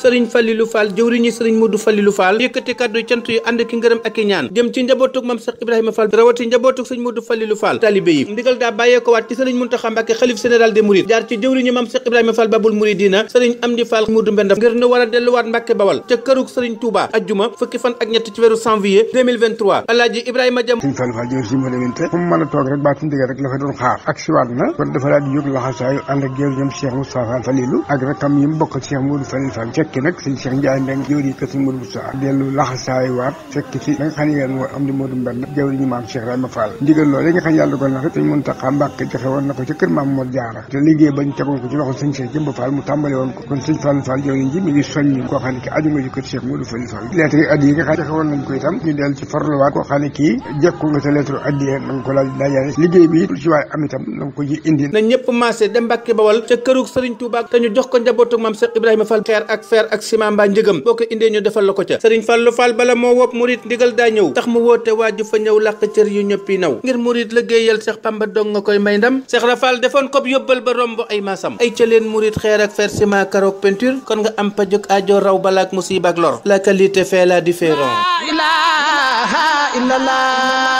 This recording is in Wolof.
sëriñ Falilou Fall jëwriñu sëriñ Modou Falilou Fall yëkkati kàddu cant yu ànd ki ngërëm ak i ñaan jëm ci njabootug mam Cheikh Ibrahima Fall rawati njabootug sëriñ Modou Falilou Fall talibé yi ndigal daa bàyyee waat ci sëriñ Mountakha Mbacké xalif général des mourides jaar ci jëwriñu mam Cheikh Ibrahima Fall babul mouridina sëriñ Amdi Fall Modou Mbenda ngir nu war a delluwaat Mbacké Bawal ca kërug sëriñ Touba ajjuma fukki fan ak ñett ci weeru janvier 2023 a toog rek baatu fekki nag sëñ Cheikh Ndiaye Mbeng jëwriñ waat fekk ci da nga xam moo am di Modou Mbeng jëwriñu maam Cheikh Rahma Fall ndigal loolu nga xam yàlla ko ci kër maam Mor Jaara ci loxo ko kon ki aju nga ci kër addi yi nga xam ne joxe woon nañ ko itam ñu ci farluwaat koo xam ne kii nga sa lettre addi na nga ko laaj laajaale liggéey bi ci waaye am itam na ko ji indi na ñëpp maase dem Mbàkke Bawal ca kërug Sëriñ Tuubaa te ñu jox ko njabootu maam Cheikh fer ak ciment mbaa njëgam boo ko indee ñu defal la ko ca sëriñ Fallou Fall bala moo wopp murit ndigal daa ñëw tax mu woote waaju fa ñëw làq cër yu ñëppi naw ngir murit liggéeyal Seex Pamba dong nga koy may ndam Seex Rafal defoon ko yóbbal ba romb ay maasam ay cëleen murit xeer ak fer ciment karoog kon nga am pajuk aajo raw balaak musiba ak lor la qualité fait la différence. La